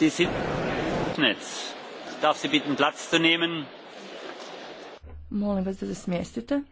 die Netz. Darf Sie bitten, Platz zu nehmen? Molim vas da se smjestite.